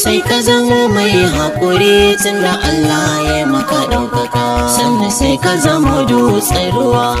sai ka zamo mai haƙuri tunda Allah ya maka ɗaukaka sannan sai ka zamo dutsen ruwa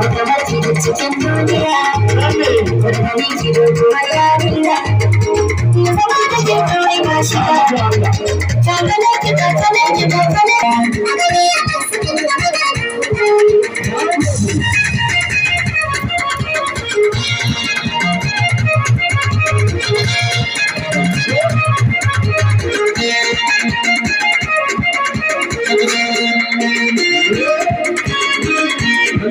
barbarci da cikin duniya barbari zama ta a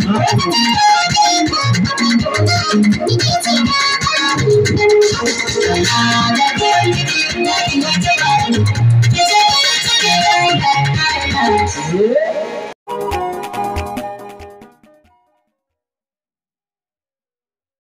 Thank you.